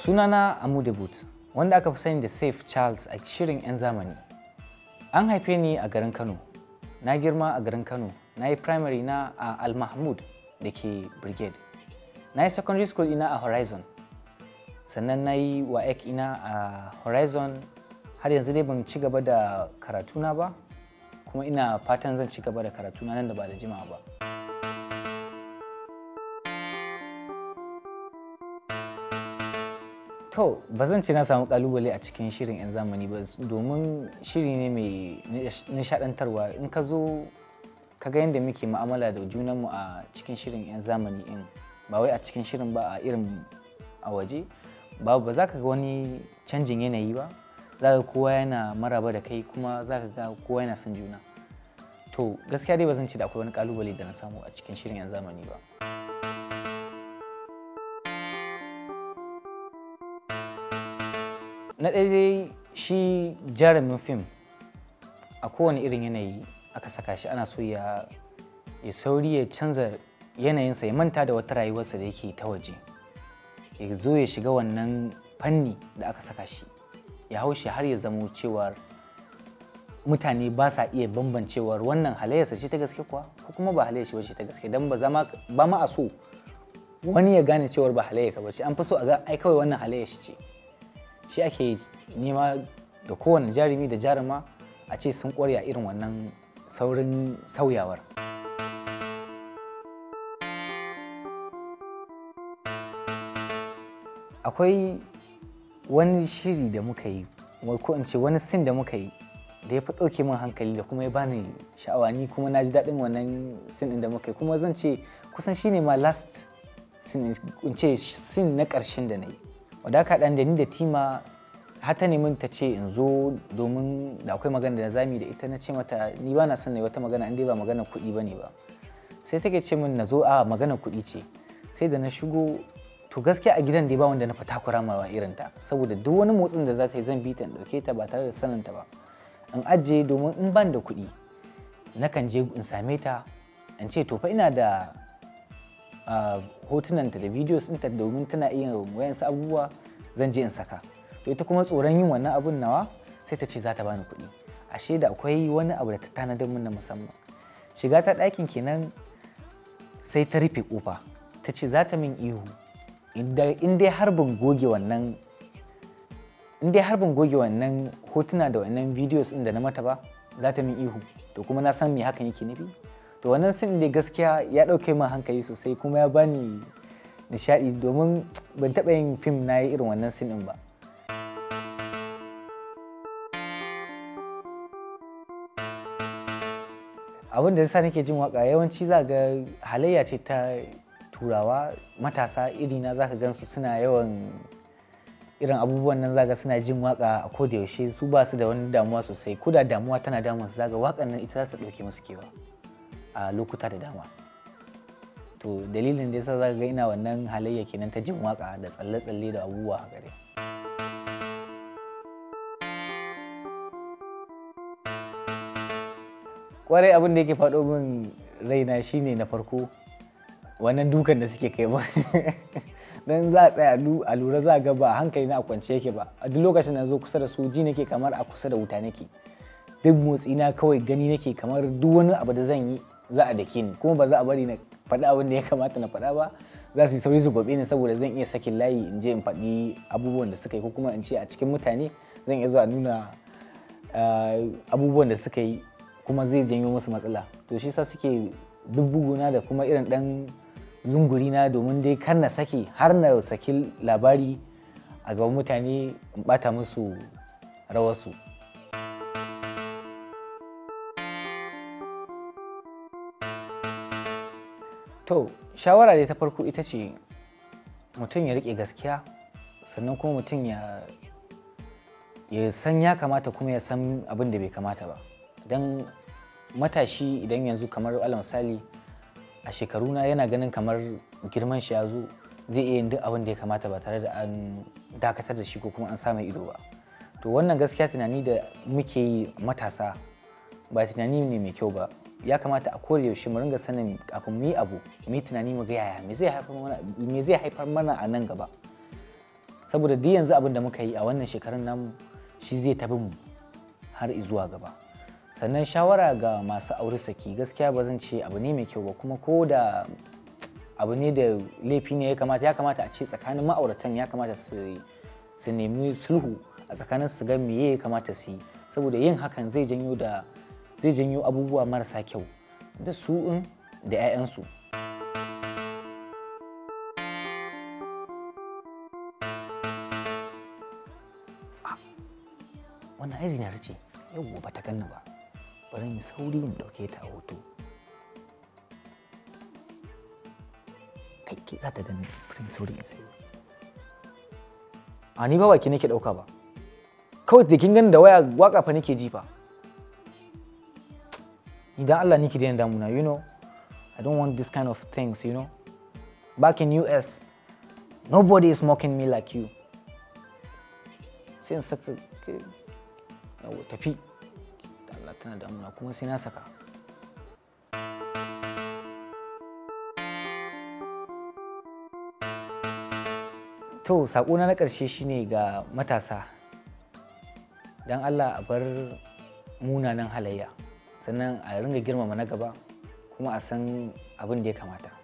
Sunana Amude Boot, wanda aka fi sani da Safe Charles a shirin 'yan zamani. An haife ni a garin Kano. Na girma a garin Kano. Na yi primary na a Al Mahmud da ke Brigade. Na yi secondary school ina a Horizon. Sannan na yi ek ina a Horizon. Har yanzu dai ban ci gaba da karatuna ba, kuma ina fatan zan ci gaba da karatuna nan da ba da jima'a ba. To, ba zan ce na samu kalubale a cikin shirin 'yan zamani ba domin shiri ne mai nishadantarwa in ka zo ka ga yadda muke ma'amala da junanmu a cikin shirin 'yan zamani in ba wai a cikin shirin ba a irin a waje ba ba za ka ga wani canjin yanayi ba za ka kowa yana maraba da kai kuma za ka ga kowa yana son juna to gaskiya dai ba zan ce da akwai wani kalubale da na samu a cikin shirin 'yan zamani ba. na ɗaya dai shi jarumin fim a kowane irin yanayi aka saka shi ana so ya sauri ya canza yanayinsa ya manta da wata rayuwarsa da yake ta waje ya zo ya shiga wannan fanni da aka saka shi ya hau shi har ya zamo cewar mutane ba sa iya bambancewar wannan halayyarsa ce ta gaske kuwa ko kuma ba halayyarsa ba ce ta gaske don ba ma a so wani ya gane cewar ba halayyarka ba ce an fi so a ga ai kawai wannan halayyarsa ce shi ake nema da kowane jarumi da jaruma a ce sun kware a irin wannan saurin sauyawar akwai wani shiri da muka yi ko in ce wani sin da muka yi da ya fi ɗauke min hankali da kuma ya bani sha'awa ni kuma na ji daɗin wannan sin da muka yi kuma zan ce kusan shine ma last sin in ce sin na ƙarshen da na yi wadda dan da ni da tima har ta nemi ta ce in zo domin da akwai magana da zami da ita na ce mata ni ba na son na wata magana in dai ba magana kuɗi ba ne ba sai take ce min na zo a magana kuɗi ce sai da na shigo to gaskiya a gidan dai ba wanda na fata kurama ma irin ta saboda duk wani motsin da za ta yi zan bi ta ɗauke ta ba tare da sanin ta ba in ajiye domin in ban da kuɗi nakan je in same ta in ce to fa ina da hotunanta da videos ɗinta domin tana iya wayansu abubuwa zan je in saka to ita kuma tsoron yin wannan abun nawa sai ta ce za ta bani kuɗi ashe da akwai wani abu da ta tanadar min na musamman shiga ta ɗakin kenan sai ta rufe ƙofa ta ce za ta min ihu in dai har ban goge wannan in dai har ban goge wannan hotuna da wannan videos ɗin da na mata ba za ta min ihu to kuma na san me hakan yake nufi to wannan sin da gaskiya ya ɗauke min hankali sosai kuma ya bani nishaɗi domin ban taɓa yin fim na yi irin wannan sin ɗin ba abin da yasa nake jin waka yawanci za ga halayya ce ta turawa matasa irina zaka gansu suna yawan irin abubuwan nan ga suna jin waka a koda yaushe su ba su da wani damuwa sosai ko da damuwa tana damun su zaga wakan nan ita za ta ɗauke musu kewa a lokuta da dama to dalilin da yasa zaka ga ina wannan halayya kenan ta jin waka da tsalle-tsalle da abubuwa a gare kwarai abin da yake faɗo min raina shine na farko wannan dukan da suke kai min dan za a tsaya a lura za ga ba hankali na a kwance yake ba a duk lokacin na zo kusa da su ji nake kamar a kusa da wuta nake duk motsi na kawai gani nake kamar duk wani abu da zan yi za a dake ni kuma ba za a bari na faɗi abin da ya kamata na faɗa ba za su yi sauri su gobe ni saboda zan iya sakin layi in je in faɗi abubuwan da suka yi ko kuma in ce a cikin mutane zan iya zuwa nuna eh, abubuwan da suka yi kuma zai janyo musu matsala to shi sa suke dubbuguna da kuma irin ɗan na domin dai kar na sake har na saki labari a gaban mutane in ɓata musu rawar su. to shawara dai ta farko ita ce mutum ya rike gaskiya sannan kuma mutum ya ya san ya kamata kuma ya san abin da bai kamata ba don matashi idan yanzu kamar ala misali a na yana ganin kamar girman shi ya zo zai iya yin duk abin da ya kamata ba tare da an dakatar da shi ko kuma an samu ido ba to wannan gaskiya tunani da muke yi matasa ba tunani ne mai kyau ba ya kamata a kore yaushe mu ringa sanin kafin mu yi abu mu yi tunani mu ga yaya me zai haifar mana a nan gaba saboda duk yanzu abin da muka yi a wannan shekarun namu shi zai tabi mu har zuwa gaba sannan shawara ga masu aure saki gaskiya ba zan ce abu ne mai kyau ba kuma ko da abu ne da laifi ne ya kamata ya kamata a ce tsakanin ma'auratan ya kamata su nemi sulhu a tsakanin su ga me ya kamata su yi saboda yin hakan zai janyo da zai janyo abubuwa marasa kyau da su'un da 'ya'yansu ah, wannan ai na ce yau gobe ta kanna ba bari ni sauri in dauke ta a hoto kai ke za ta gani bari in sauri in sai a ni ba baki nake ɗauka ba kawai da kin gani da waya waka fa nake ji fa idan Allah niki da damuna you know I don't want this kind of things you know back in US nobody is mocking me like you sai in saka yawo tafi Allah tana damuna kuma sai na saka to saƙona na ƙarshe shine ga matasa dan Allah a bar munanan halayya sannan a ringa girmama na gaba kuma a san abin da ya kamata